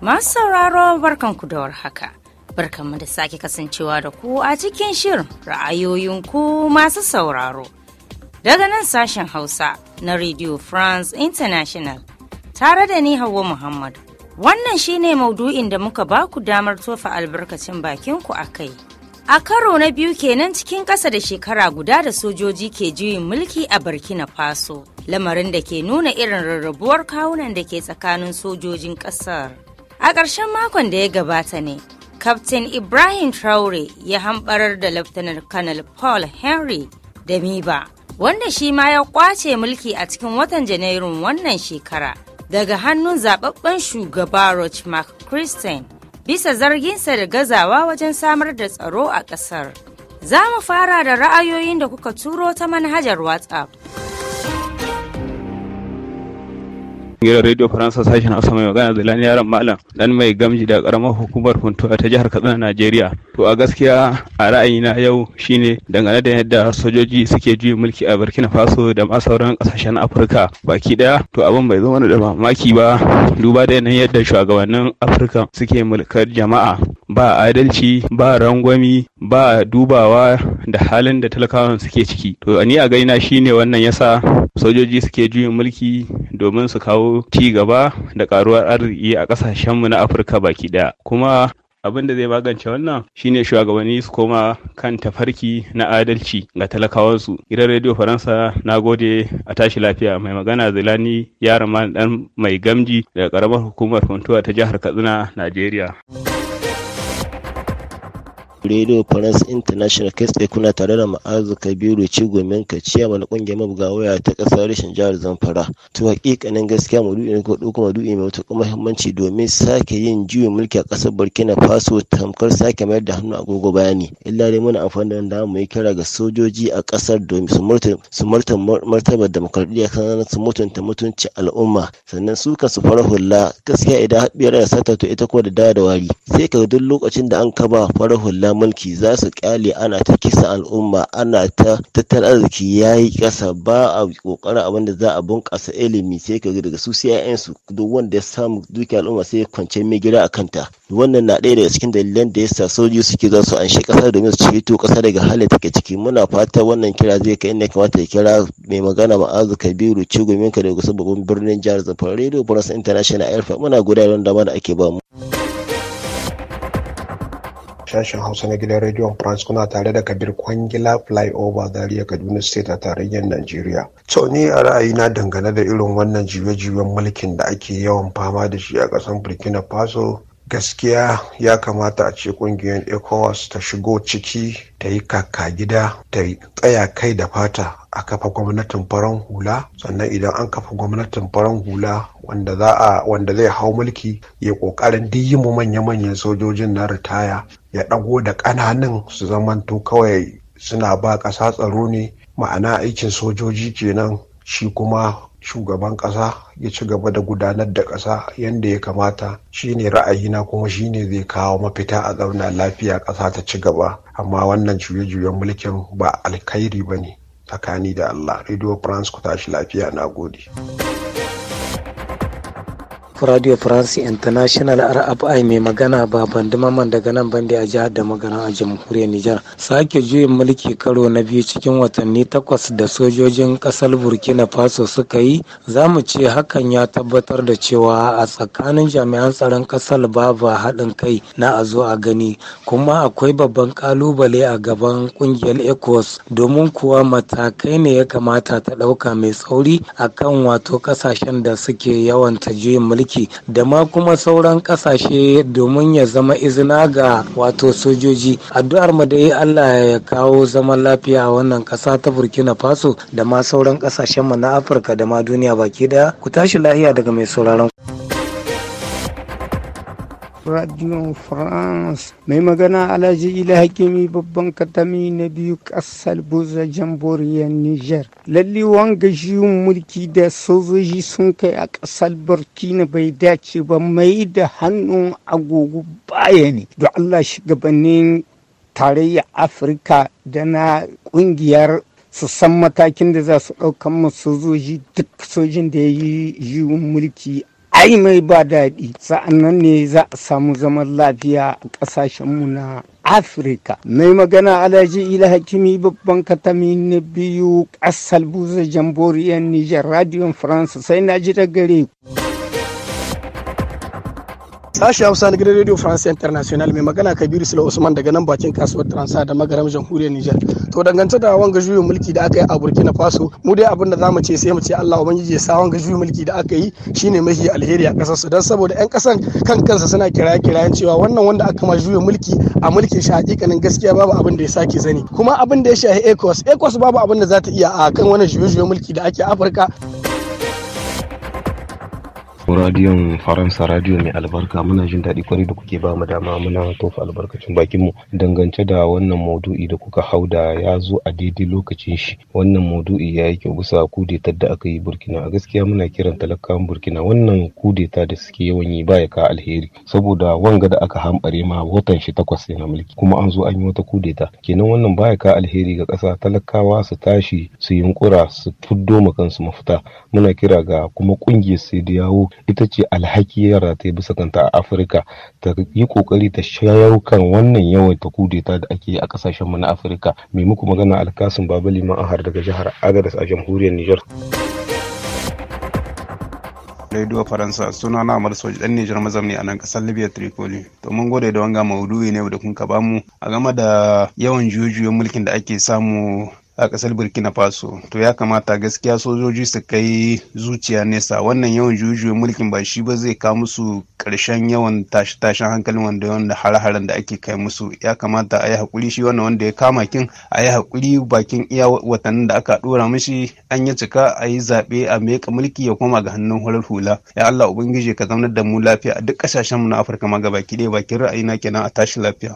Masu sauraro barkanku da warhaka. Barkanmu da sake kasancewa da ku a cikin shirin ra'ayoyinku masu sauraro. Daga nan sashen Hausa na Radio France International tare da ni Hauwa Muhammad. Wannan shine maudu'in da muka baku damar tofa albarkacin bakinku a kai. A karo na biyu kenan cikin ƙasa da shekara guda da sojoji ke juyin mulki a Burkina Faso, lamarin da ke nuna irin rarrabuwar kawunan da ke tsakanin sojojin ƙasar. A ƙarshen makon da ya gabata ne, Kaftin Ibrahim Traore ya hambarar da Laftanar Kanal Paul Henry da Miba, wanda shi ma ya ƙwace mulki a cikin watan Janairun wannan shekara daga hannun zababben shugaba Roch Christian. bisa zarginsa da gazawa wajen samar da tsaro a ƙasar. Za mu fara da ra'ayoyin da kuka turo ta manhajar WhatsApp. Gidan Radio Faransa sashen Hausa mai magana da Lani Yaron Malam dan mai gamji da karamar hukumar Funtuwa ta jihar Katsina Najeriya. To a gaskiya a ra'ayina yau shine dangane da yadda sojoji suke juyin mulki a Burkina Faso da ma sauran kasashen Afirka baki daya to abin bai zama da mamaki ba duba da yanayin yadda shugabannin Afirka suke mulkar jama'a ba adalci ba rangwami ba dubawa da halin da talakawan suke ciki to ni a gaina shine wannan yasa sojoji suke juyin mulki domin su kawo ci gaba da karuwar arziki a ƙasashenmu na afirka baki daya kuma abin da zai magance wannan shine shugabanni su koma kan tafarki na adalci ga talakawansu gidan rediyo faransa na gode a tashi lafiya mai magana zilani yaran dan mai gamji daga karamar hukumar funtuwa ta jihar katsina najeriya Radio France International kai tsaye kuna tare da Ma'azu Kabiru Cigomin Kaciya mana kungiyar mabuga waya ta kasar rashin jihar Zamfara. To hakikanin gaskiya mu maudu'i ne ko ɗauko maudu'i mai matuƙar muhimmanci domin sake yin juyin mulki a ƙasar Burkina Faso tamkar sake mayar da hannu agogo bayani. Illa dai muna amfani da mu yi kira ga sojoji a ƙasar domin su martaba demokradiyya kan su mutunta mutuncin al'umma sannan su ka su fara hula gaskiya idan haɓiyar sata to ita ko da dawa da wari sai ka duk lokacin da an kaba fara hula mulki za su kyale ana ta kisa al'umma ana ta tattalin arziki ya yi kasa ba a kokarin abin da za a bunkasa ilimi sai ka ga daga su sai duk wanda ya samu dukiyar al'umma sai ya kwance mai gida a kanta wannan na ɗaya daga cikin dalilan da ya sa sojoji suke za su anshi ƙasa domin su ceto kasa daga halin take ciki muna fata wannan kira zai kai inda kamata ya kira mai magana ma'azu kabiru cigomin ka daga babban birnin jihar zamfara radio france international airfa muna gudanar da dama da ake ba mu. Sashen Hausa na gidan rediyon France kuna tare da Kabir Kwangila Flyover Zaria Kaduna State a tarayyar Najeriya. Tsauni ni a ra'ayina dangane da irin wannan jiwe-jiwen mulkin da ake yawan fama da shi a ƙasar Burkina Faso gaskiya ya kamata a ce kungiyar ecowas ta shigo ciki ta yi kaka gida ta tsaya kai da fata a kafa gwamnatin farar hula sannan idan an kafa gwamnatin farar hula wanda zai hau mulki ya kokarin duk yi mu manya-manyan sojojin na ritaya ya dago da ƙananan su zamanto kawai suna ba ƙasa tsaro ne ma'ana aikin sojoji kenan shi kuma shugaban ƙasa ya ci gaba da gudanar da ƙasa yadda ya kamata shine ra'ayina kuma shine zai kawo mafita a zauna lafiya ƙasa ta ci gaba amma wannan juye-juyen mulkin ba alkhairi ba ne tsakani da Allah Radio France ku tashi lafiya na gode. radio france international rfi mai magana ba bandumaman daga nan bandi a jihar da magana a jamhuriyar nijar sake juyin mulki karo na biyu cikin watanni takwas da sojojin kasar burkina faso suka yi za mu ce hakan ya tabbatar da cewa a tsakanin jami'an tsaron kasar babu haɗin kai na a zo a gani kuma akwai babban kalubale a gaban kungiyar ecowas domin kuwa matakai ne ya kamata ta ɗauka mai tsauri akan wato kasashen da suke yawan ta juyin mulki yake da ma kuma sauran kasashe domin ya zama izina ga wato sojoji addu'ar mu dai Allah ya kawo zaman lafiya a wannan kasa ta Burkina Faso da ma sauran kasashen mu na Afirka da ma duniya baki daya ku tashi lahiya daga mai sauraron Radio France. Mai magana Alhaji Ila Hakimi babban katami na biyu ƙasar Boza Jamboriyar Niger. lallewan wanga jiyun mulki da sojoji sun kai a ƙasar Burkina bai dace ba mai da hannun agogo baya ne. Allah shugabannin tarayyar Afirka da na ƙungiyar su san matakin da za su ɗaukan sojoji duk sojin da ya yi mulki ai mai ba daɗi sa'annan ne za a samu zaman lafiya a ƙasashen mu na afirka mai magana alhaji ila hakimi babban katami na biyu ƙasar buza jamboriyar Nijar, radio france sai na ji da gare ku. Sashi Hausa na gidan Radio France International mai magana Kabiru Sula Usman daga nan bakin kasuwar Transa da magaram jamhuriyar Nijar. To dangantaka da wanga juyin mulki da aka yi a Burkina Faso, mu dai abin da zamu ce sai mu ce Allah ubangiji ya sa wanga juyin mulki da aka yi shine mahi alheri a kasar su dan saboda yan kasan kan kansa suna kiraye kirayen cewa wannan wanda aka ma juyin mulki a mulkin shi hakikanin gaskiya babu abin da ya sake zani. Kuma abin da ya shafi ECOWAS, ECOWAS babu abin da za ta iya a kan wani juye-juyen mulki da ake Afirka. radiyon faransa radiyo mai albarka muna jin daɗi kwarai da kuke ba mu dama muna tofa albarkacin bakin mu dangance da wannan maudu'i da kuka hau da ya zo a daidai lokacin shi wannan maudu'i ya yi kyau bisa kudetar da aka yi burkina a gaskiya muna kiran talakawan burkina wannan kudeta da suke yawan yi baya ka alheri saboda wanga da aka hambare ma watan shi takwas na mulki kuma an zo an yi wata kudeta kenan wannan baya ka alheri ga ƙasa talakawa su tashi su yunkura su fuddo ma kansu mafita muna kira ga kuma kungiyar sai da yawo ita ce alhaki yara ta yi bisa kanta a afirka ta yi kokari ta shawo kan wannan yawan ta kudeta da ake a kasashenmu na afirka mai muku magana alkasun baba liman har daga jihar agadas a jamhuriyar niger radio faransa suna na amar soji dan nijar mazamni a nan kasar libya tripoli to mun gode da wanga maudu'i ne da kun ka bamu a game da yawan jujuyen mulkin da ake samu a ƙasar burkina faso to ya kamata gaskiya sojoji su kai zuciya nesa wannan yawan jujuyin mulkin ba shi ba zai ka musu ƙarshen yawan tashe-tashen hankalin wanda wanda hare-haren da ake kai musu ya kamata a yi haƙuri shi wannan wanda ya kama kin a yi haƙuri bakin iya watannin da aka ɗora mishi an yi cika a yi zaɓe a meka mulki ya koma ga hannun hular hula ya allah ubangiji ka zaunar da mu lafiya a duk mu na afirka ma gabaki ɗaya bakin ra'ayina kenan a tashi lafiya.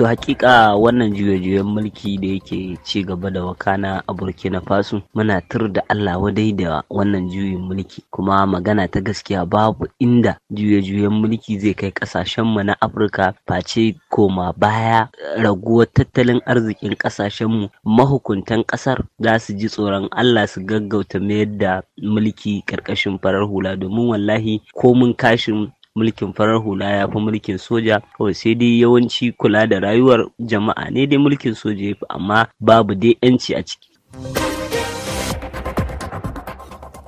to hakika wannan juyoyin mulki da yake ci gaba da wakana a burkina faso muna tur da allah wadai da wannan juyin mulki kuma magana ta gaskiya babu inda juyoyin juyen mulki zai kai kasashenmu na afirka face koma baya raguwar tattalin arzikin kasashenmu mahukuntan kasar za su ji tsoron allah su gaggauta mayar da mulki karkashin farar hula domin wallahi ko mun kashin mulkin farar hula ya fi mulkin soja kawai sai dai yawanci kula da rayuwar jama'a ne dai mulkin soja ya fi amma babu dai 'yanci a ciki.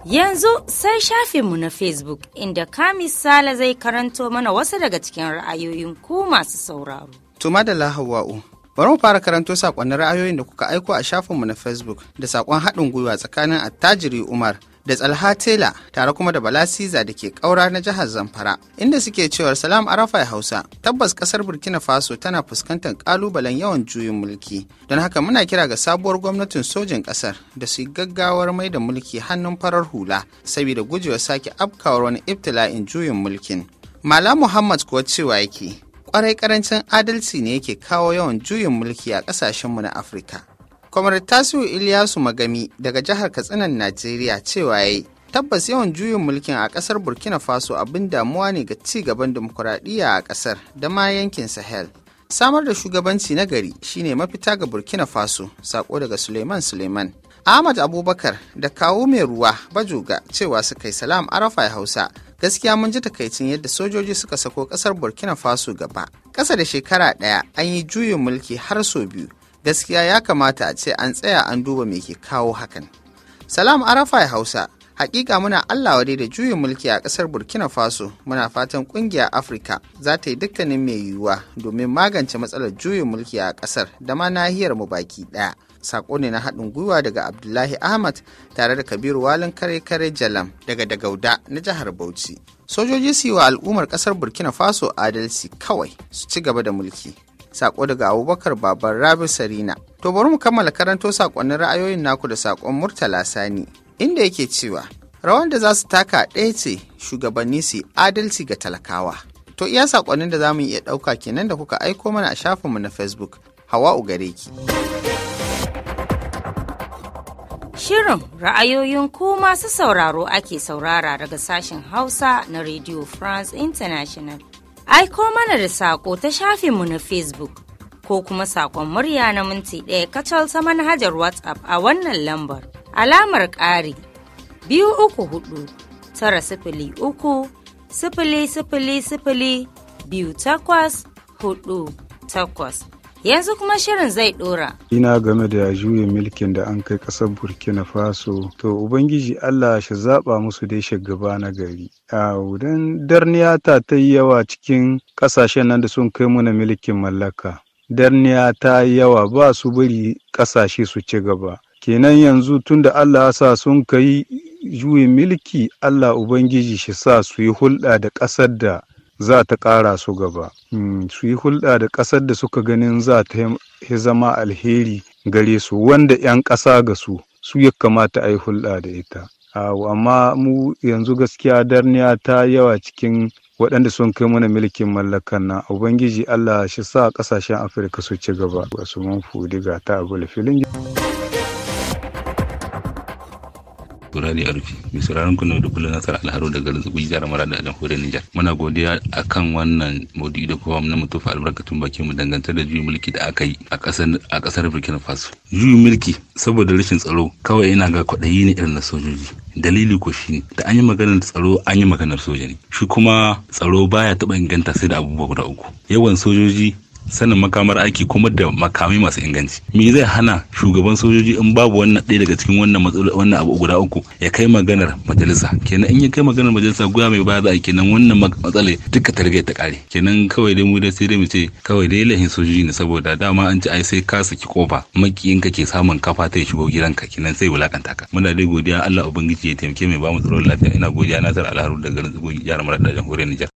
Yanzu sai shafinmu na Facebook inda Kamis Sale zai karanto mana wasu daga cikin ra'ayoyin ku masu sauraro. Tuma da lahawa'u, bari mu fara karanto sakonnin ra'ayoyin da kuka aiko a shafinmu na Facebook da saƙon haɗin gwiwa tsakanin attajiri Umar da tsalha tela tare kuma da balasiza da ke kaura na jihar zamfara inda suke cewar salam arafai hausa tabbas kasar burkina faso tana fuskantar kalubalen yawan juyin mulki don haka muna kira ga sabuwar gwamnatin sojin kasar da su gaggawar mai da mulki hannun farar hula saboda gujewa sake afkawar wani ibtila'in juyin mulkin malam muhammad kuwa cewa yake kwarai karancin adalci ne yake kawo yawan juyin mulki a kasashenmu na afirka Kwamar Tasiu Iliyasu Magami daga jihar Katsinan Najeriya cewa yayi tabbas yawan juyin mulkin a kasar Burkina Faso abin damuwa ne ga ci gaban dimokuraɗiyya a kasar da ma yankin Sahel. Samar da shugabanci na gari shine mafita ga Burkina Faso, sako daga Suleiman Suleiman. Ahmad Abubakar da kawo mai ruwa bajuga cewa su kai salam arafa Hausa gaskiya mun ji takaicin yadda sojoji suka sako kasar Burkina Faso gaba. Ƙasa da shekara ɗaya an yi juyin mulki har sau biyu gaskiya ya kamata a ce an tsaya an duba me ke kawo hakan salam arafa arafai hausa hakika muna allah wadai da juyin mulki a kasar burkina faso muna fatan kungiyar afirka za ta yi dukkanin mai yiwuwa domin magance matsalar juyin mulki a kasar da ma nahiyar mu baki daya sako ne na haɗin gwiwa daga abdullahi ahmad tare da kabiru walin kare kare jalam daga dagauda na jihar bauchi sojoji su yi wa al'ummar ƙasar burkina faso adalci kawai su ci gaba da mulki Sako daga Abubakar babar Rabi Sarina. To bari mu kammala karanto sakonnin ra'ayoyin naku da sakon Murtala Sani inda yake cewa rawan da za su taka ɗaya ce shugabanni su adalci ga talakawa. To iya sakonnin da za mu iya ɗauka kenan da kuka aiko mana a shafinmu na Facebook. Hawa gare ki. Shirin ra'ayoyin ku masu sauraro ake saurara daga sashen Hausa na Radio France International. aiko mana da saƙo ta shafinmu na Facebook ko kuma saƙon murya na minti ɗaya kacal ta manhajar WhatsApp a wannan lambar. Alamar ƙari biyu uku hudu tara sifili uku sifili sifili sifili biyu takwas hudu takwas. Yanzu kuma shirin zai dora. Ina game da juyin mulkin da an kai ƙasar Burkina Faso, to Ubangiji Allah shi zaɓa musu dai shugaba na gari. Awo, don darniya ta yi yawa cikin ƙasashen nan da sun kai muna mulkin mallaka. Darniya ta yi yawa ba su bari ƙasashe su ci gaba. Kenan yanzu tun da Allah sa sun kai juyin milki Allah Ubangiji shi sa su yi hulɗa da ƙasar da za ta ƙara su gaba hmm, su yi hulɗa da ƙasar da suka ganin za ta yi zama alheri gare su wanda 'yan ƙasa ga su su ya kamata a yi hulɗa da ita amma mu yanzu gaskiya darniya ta yawa cikin waɗanda sun kai mana mulkin mallakan nan ubangiji allah shi sa ƙasashen afirka su ci gaba su mun fudiga ta abul filin Turari Arfi, mai sauraron kuna da kullum Nasar Alharu da garin Zubi jihar Marada a jamhuriyar Nijar. Muna godiya a kan wannan maudu'i da kuma na mutufa albarkatun bakin mu dangantar da juyin mulki da aka yi a kasar Burkina Faso. Juyin mulki saboda rashin tsaro kawai yana ga kwaɗayi ne irin na sojoji. Dalili ko shi ne da an yi maganar tsaro an yi maganar soja ne. Shi kuma tsaro baya taɓa inganta sai da abubuwa guda uku. Yawan sojoji sanin makamar aiki kuma da makamai masu inganci me zai hana shugaban sojoji in babu wannan ɗaya daga cikin wannan wannan abu guda uku ya kai maganar majalisa kenan in ya kai maganar majalisa guya mai ba za a kenan wannan matsalai duka targe ta kare kenan kawai dai mu da sai dai mu ce kawai dai lahin sojoji ne saboda dama an ci ai sai ka saki kofa ka ke samun kafa ta shigo gidanka kenan sai wulakanta ka muna dai godiya Allah ubangiji ya taimake mai ba mu tsaron lafiya ina godiya na sar alharu daga garin jihar yaran da jamhuriyar Nijar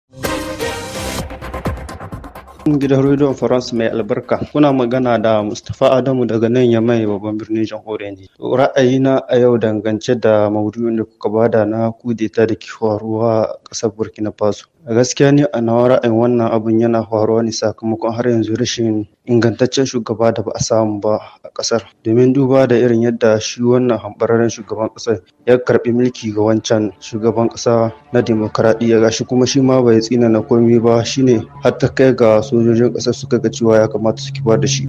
Gidan rediyon Faransa mai albarka. Kuna magana da Mustapha Adamu daga nan ya mai babban birnin jamhuriyar ne. Ra'ayina a yau dangance da maudu'in da kuka bada na kudeta da ruwa. kasar burkina faso a gaskiya ne a nawa ra'ayin wannan abun yana faruwa ne sakamakon har yanzu rashin ingantaccen shugaba da ba a samu ba a kasar domin duba da irin yadda shi wannan hambararren shugaban kasar ya karɓi mulki ga wancan shugaban kasa na demokaradiyya gashi kuma shi ma bai tsina na komai ba shine har ta kai ga sojojin ƙasar suka ga cewa ya kamata su kibar da shi.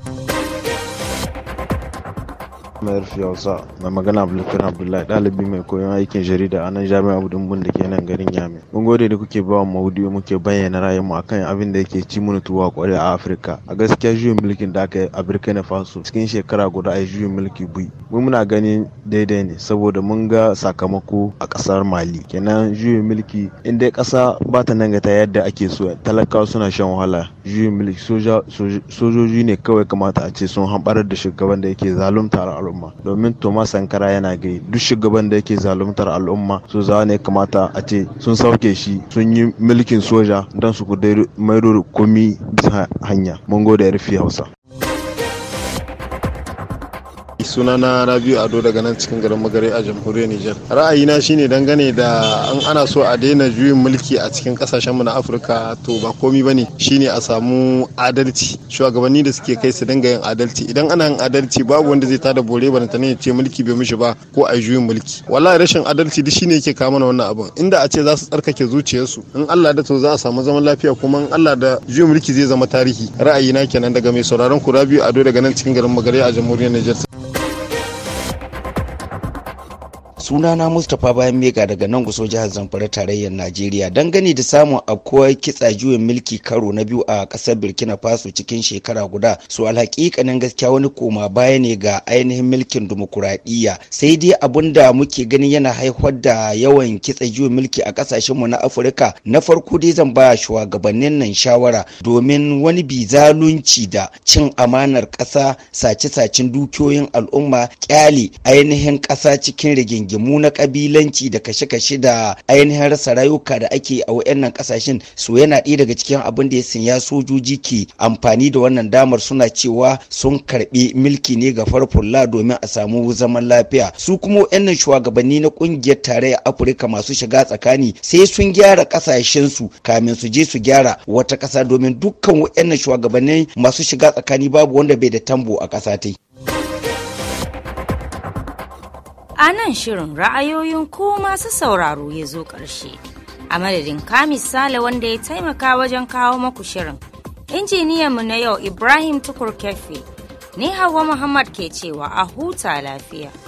Ahmed Fiauza mai magana Abdulkarim Abdullahi ɗalibi mai koyon aikin jarida a nan Jami'a Abu Dumbun da ke nan garin Yami. Mun gode da kuke bawa maudu'i muke bayyana ra'ayinmu akan abin da yake ci mana tuwa kwarai a Afirka. A gaskiya juyin mulkin da aka yi a Burkina Faso cikin shekara guda a juyin mulki bui. Mun muna ganin daidai ne saboda mun ga sakamako a ƙasar Mali. Kenan juyin mulki in dai ƙasa ba ta nan ga ta yadda ake so talakawa suna shan wahala. Juyin mulki sojoji ne kawai kamata a ce sun hamɓarar da shugaban da yake zalunta al'umma. al'umma domin Thomas Sankara yana gai duk shugaban da yake zaluntar al'umma su zawa ne kamata a ce sun sauke shi sun yi mulkin soja don su mai komi bisa hanya mun gode rufe Hausa sunana rabiu ado daga nan cikin garin magare a jamhuriyar nijar ra'ayina shine dangane da an ana so a daina juyin mulki a cikin kasashenmu na afirka to ba komi bane shine a samu adalci shugabanni da suke kai su dinga yin adalci idan ana yin adalci babu wanda zai tada bore ba ta ne ce mulki bai mishi ba ko a juyin mulki wallahi rashin adalci duk shine yake kawo mana wannan abin inda a ce za su tsarkake zuciyarsu in Allah da to za a samu zaman lafiya kuma in Allah da juyin mulki zai zama tarihi ra'ayina kenan daga mai sauraron ku rabiu ado daga nan cikin garin magare a jamhuriyar nijar sunana mustapha bayan mega daga nan guso jihar zamfara tarayyar najeriya dangane da samun akwai kitsa juyin mulki karo na biyu a kasar burkina faso cikin shekara guda su alhakikanin gaskiya wani koma baya ne ga ainihin mulkin dimokuraɗiyya sai dai abun da muke ganin yana haifar da yawan kitsa juyin mulki a kasashenmu na afirka na farko dai zan ba shugabannin nan shawara domin wani bizalunci da cin amanar ƙasa sace-sacen dukiyoyin al'umma ƙyale ainihin ƙasa cikin rigingi rigimu na kabilanci da kashe-kashe da ainihin rasa rayuka da ake a wayannan kasashen su yana ɗaya daga cikin abin da ya sanya sojoji ke amfani da wannan damar suna cewa sun karɓi milki ne ga farfulla domin a samu zaman lafiya su kuma wayannan shugabanni na ƙungiyar tarayyar afirka masu shiga tsakani sai sun gyara kasashen su kamin su je su gyara wata kasa domin dukkan wayannan shugabannin masu shiga tsakani babu wanda bai da tambo a ƙasa tai A nan shirin ra'ayoyin ko masu sauraro ya zo ƙarshe. A madadin Kamis Sale wanda ya taimaka wajen kawo maku shirin. mu na yau Ibrahim Tukur Kefe, ni Hauwa Muhammad ke cewa a huta lafiya.